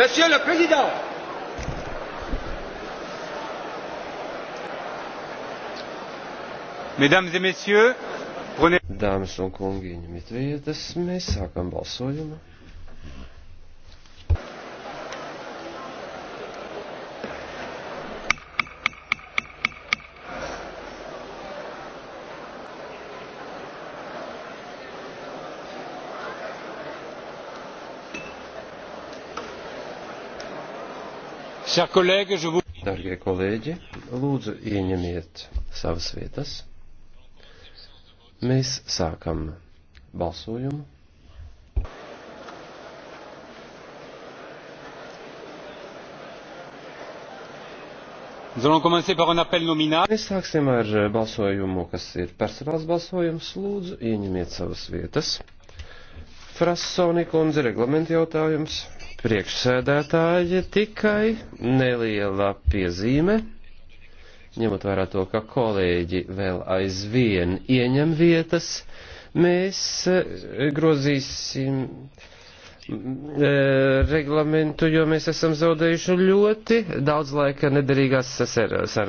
Monsieur le Président, Mesdames et Messieurs, prenez... Dāmas un kungi, ņemiet vietas, mēs sākam balsojumu. Darbie kolēģi, lūdzu ieņemiet savas vietas. Mēs sākam balsojumu. Mēs sāksim ar balsojumu, kas ir personāls balsojums. Lūdzu, ieņemiet savas vietas. Frassoni kundze, reglamenta jautājums priekšsēdētāji tikai neliela piezīme, ņemot vērā to, ka kolēģi vēl aizvien ieņem vietas, mēs eh, grozīsim eh, reglamentu, jo mēs esam zaudējuši ļoti daudz laika nederīgās sarunas.